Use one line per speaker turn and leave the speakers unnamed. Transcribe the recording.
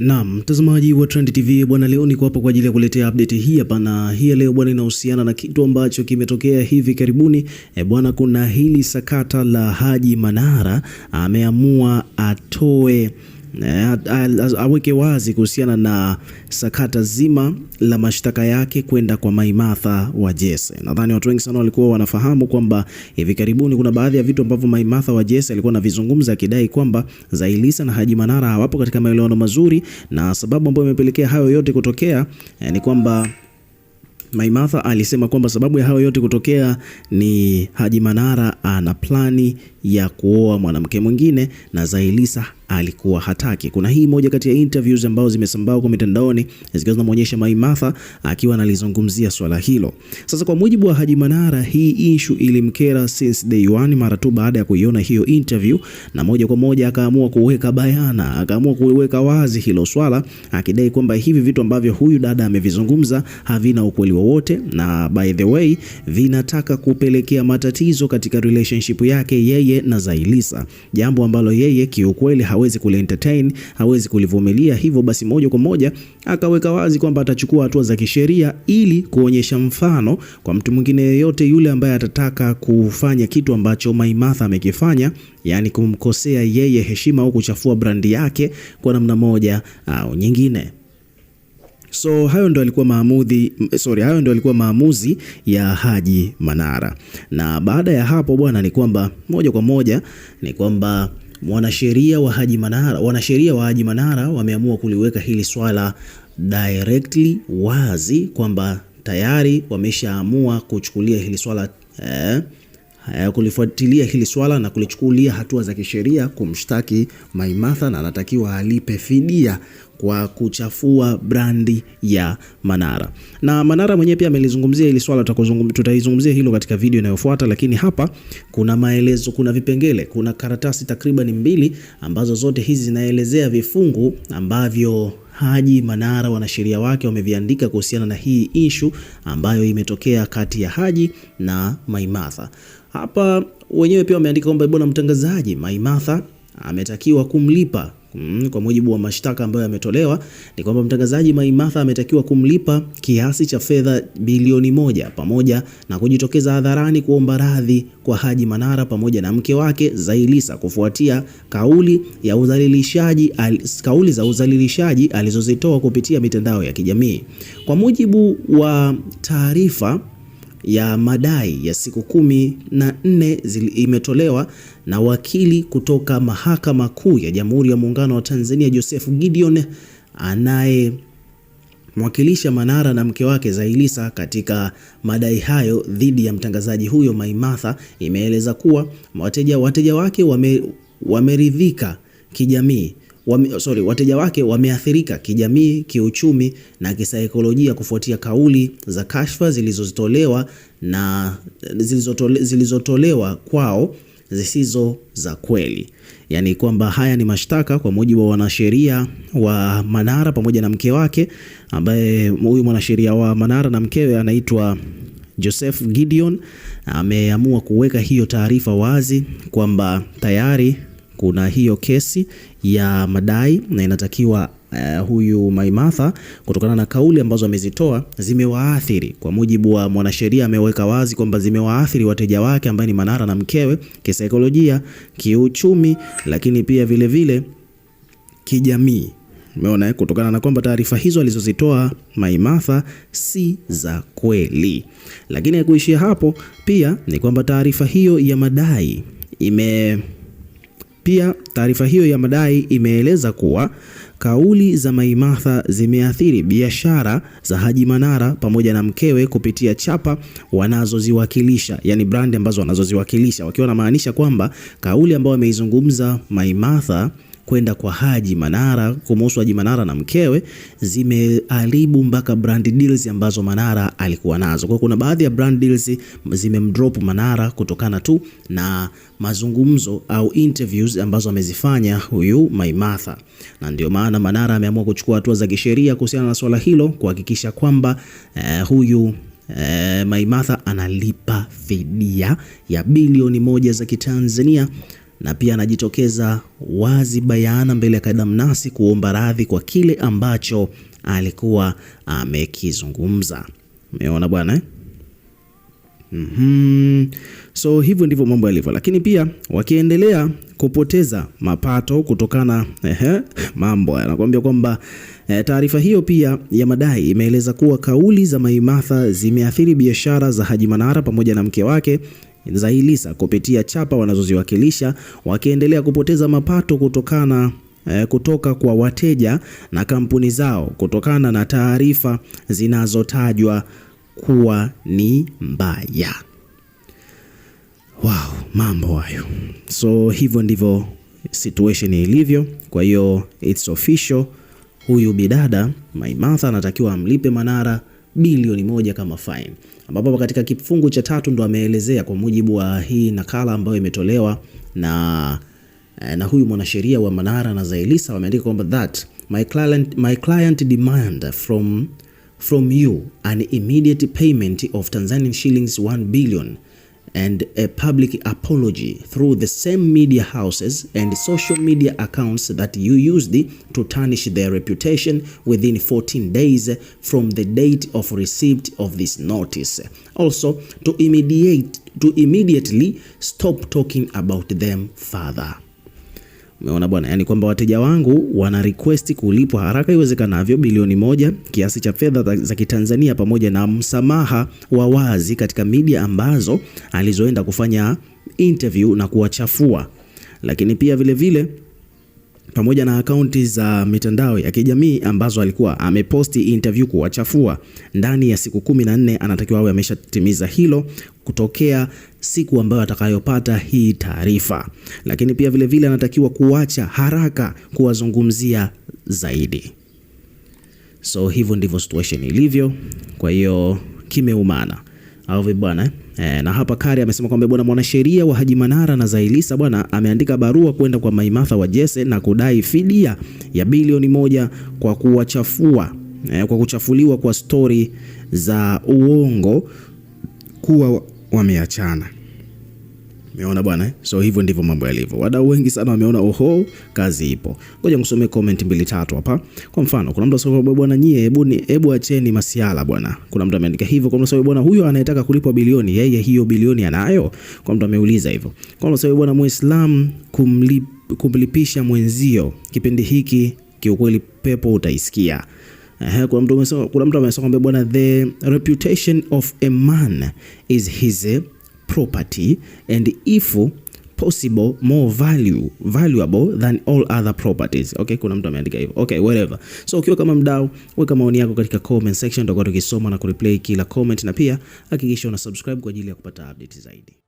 Naam, mtazamaji wa Trend TV bwana, leo niko hapa kwa ajili ya kuletea update hii hapa, na hii leo bwana inahusiana na kitu ambacho kimetokea hivi karibuni e, bwana, kuna hili sakata la Haji Manara ameamua atoe Eh, aweke wazi kuhusiana na sakata zima la mashtaka yake kwenda kwa maimatha wa Jesse. Nadhani watu wengi sana walikuwa wanafahamu kwamba hivi karibuni kuna baadhi ya vitu ambavyo Maimatha wa Jesse alikuwa anavizungumza akidai kwamba Zailisa na Haji Manara hawapo katika maelewano mazuri, na sababu ambayo imepelekea hayo yote kutokea eh, ni kwamba Maimatha alisema kwamba sababu ya hayo yote kutokea ni Haji Manara ana plani ya kuoa mwanamke mwingine na Zailisa alikuwa hataki. Kuna hii moja kati ya interviews ambazo zimesambaa kwa mitandaoni zikiwa zinamuonyesha Maimartha akiwa analizungumzia swala hilo. Sasa kwa mujibu wa Haji Manara, hii issue ilimkera since day one, mara tu baada ya kuiona hiyo interview, na moja kwa moja akaamua kuweka bayana, akaamua kuweka wazi hilo swala, akidai kwamba hivi vitu ambavyo huyu dada amevizungumza havina ukweli wowote, na by the way vinataka kupelekea matatizo katika relationship yake yeye na Zailisa, jambo ambalo yeye kiukweli ha hawezi kule entertain, hawezi kulivumilia. Hivyo basi, moja kwa moja akaweka wazi kwamba atachukua hatua za kisheria ili kuonyesha mfano kwa mtu mwingine yeyote yule ambaye atataka kufanya kitu ambacho Maimartha amekifanya, yani kumkosea yeye heshima au kuchafua brandi yake kwa namna moja au nyingine. So hayo ndo alikuwa maamuzi, sorry, hayo ndo alikuwa maamuzi ya Haji Manara. Na baada ya hapo bwana, ni kwamba moja kwa moja ni kwamba mwanasheria wa Haji Manara, wanasheria wa Haji Manara wameamua kuliweka hili swala directly wazi kwamba tayari wameshaamua kuchukulia hili swala eh, kulifuatilia hili swala na kulichukulia hatua za kisheria kumshtaki Maimartha na anatakiwa alipe fidia kwa kuchafua brandi ya Manara. Na Manara mwenyewe pia amelizungumzia hili swala, tutaizungumzia hilo katika video inayofuata, lakini hapa kuna maelezo, kuna vipengele, kuna karatasi takriban mbili ambazo zote hizi zinaelezea vifungu ambavyo Haji Manara wanasheria wake wameviandika kuhusiana na hii ishu ambayo imetokea kati ya Haji na maimatha Hapa wenyewe pia wameandika kwamba bwana mtangazaji, maimatha ametakiwa kumlipa Mm, kwa mujibu wa mashtaka ambayo yametolewa ni kwamba mtangazaji Maimartha ametakiwa kumlipa kiasi cha fedha bilioni moja pamoja na kujitokeza hadharani kuomba radhi kwa Haji Manara pamoja na mke wake Zailisa kufuatia kauli ya uzalilishaji, al, kauli za uzalilishaji alizozitoa kupitia mitandao ya kijamii. Kwa mujibu wa taarifa ya madai ya siku kumi na nne imetolewa na wakili kutoka Mahakama Kuu ya Jamhuri ya Muungano wa Tanzania Joseph Gideon anaye mwakilisha Manara na mke wake Zailisa katika madai hayo dhidi ya mtangazaji huyo Maimatha, imeeleza kuwa wateja, wateja wake wame, wameridhika kijamii wame, sorry, wateja wake wameathirika kijamii, kiuchumi na kisaikolojia kufuatia kauli za kashfa zilizotolewa na zilizotole, zilizotolewa kwao zisizo za kweli. Yaani kwamba haya ni mashtaka kwa mujibu wa wanasheria wa Manara pamoja na mke wake, ambaye huyu mwanasheria wa Manara na mkewe anaitwa Joseph Gideon ameamua kuweka hiyo taarifa wazi kwamba tayari kuna hiyo kesi ya madai na inatakiwa Uh, huyu Maimatha kutokana na kauli ambazo amezitoa zimewaathiri. Kwa mujibu wa mwanasheria, ameweka wazi kwamba zimewaathiri wateja wake ambaye ni Manara na mkewe kisaikolojia, kiuchumi, lakini pia vilevile kijamii. Umeona, eh, kutokana na kwamba taarifa hizo alizozitoa Maimatha si za kweli. Lakini kuishia hapo, pia ni kwamba taarifa hiyo ya madai ime pia taarifa hiyo ya madai imeeleza kuwa kauli za Maimartha zimeathiri biashara za Haji Manara pamoja na mkewe kupitia chapa wanazoziwakilisha, yani brandi ambazo wanazoziwakilisha, wakiwa wanamaanisha kwamba kauli ambayo ameizungumza Maimartha kwenda kwa Haji Manara kumuhusu Haji Manara na mkewe zimeharibu mpaka brand deals ambazo Manara alikuwa nazo. Kwa kuna baadhi ya brand deals zimemdrop Manara kutokana tu na mazungumzo au interviews ambazo amezifanya huyu Maimartha, na ndio maana Manara ameamua kuchukua hatua za kisheria kuhusiana na swala hilo kuhakikisha kwamba eh, huyu eh, Maimatha analipa fidia ya bilioni moja za Kitanzania na pia anajitokeza wazi bayana mbele ya Kadamnasi kuomba radhi kwa kile ambacho alikuwa amekizungumza. Umeona bwana eh? Mm -hmm. So hivyo ndivyo mambo yalivyo, lakini pia wakiendelea kupoteza mapato kutokana ehe, mambo anakuambia kwamba e, taarifa hiyo pia ya madai imeeleza kuwa kauli za Maimartha zimeathiri biashara za Haji Manara pamoja na mke wake Zaiylisa kupitia chapa wanazoziwakilisha wakiendelea kupoteza mapato kutokana eh, kutoka kwa wateja na kampuni zao kutokana na taarifa zinazotajwa kuwa ni mbaya. Wow, mambo hayo. So hivyo ndivyo situation ilivyo. Kwa hiyo it's official, huyu bidada Maimatha anatakiwa amlipe Manara bilioni moja kama fine, ambapo katika kifungu cha tatu ndo ameelezea kwa mujibu wa hii nakala ambayo imetolewa na, eh, na huyu mwanasheria wa Manara na Zailisa wameandika kwamba that my client, my client demand from, from you an immediate payment of Tanzanian shillings 1 billion and a public apology through the same media houses and social media accounts that you used to tarnish their reputation within 14 days from the date of receipt of this notice. Also, to immediate to immediately stop talking about them further. Umeona bwana, yani kwamba wateja wangu wana request kulipwa haraka iwezekanavyo bilioni moja kiasi cha fedha za Kitanzania pamoja na msamaha wa wazi katika media ambazo alizoenda kufanya interview na kuwachafua, lakini pia vilevile vile, pamoja na akaunti za mitandao ya kijamii ambazo alikuwa ameposti interview kuwachafua ndani ya siku kumi na nne anatakiwa awe ameshatimiza hilo kutokea siku ambayo atakayopata hii taarifa, lakini pia vilevile vile anatakiwa kuacha haraka kuwazungumzia zaidi. So hivyo ndivyo situation ilivyo, kwa hiyo kimeumana au vipi bwana eh? eh? Na hapa Kari amesema kwamba bwana mwanasheria wa Haji Manara na Zailisa bwana ameandika barua kwenda kwa maimatha wa Jesse na kudai fidia ya bilioni moja kwa kuwachafua eh, kwa kuchafuliwa kwa stori za uongo kuwa wameachana. Umeona bwana eh? So hivyo ndivyo mambo yalivyo. Wadau wengi sana wameona oho, kazi ipo. Ngoja nikusomee comment mbili tatu hapa. Kwa mfano, kuna mtu asema bwana nyie, hebu ni hebu acheni masiala bwana. Kuna mtu ameandika hivyo. kwa sababu bwana huyo anayetaka kulipwa bilioni, yeye hiyo bilioni anayo? Kwa mtu ameuliza hivyo. Kwa sababu bwana Muislam kumlip, kumlipisha mwenzio kipindi hiki kiukweli pepo utaisikia. Aha, kuna mtu amesema, kuna mtu amesema kwamba bwana the reputation of a man is his eh, property and if possible more value valuable than all other properties. Okay, kuna mtu ameandika hivyo. Okay, whatever. So ukiwa kama mdau, weka maoni yako katika comment section, tutakuwa tukisoma na kureplay kila comment, na pia hakikisha una subscribe kwa ajili ya kupata update zaidi.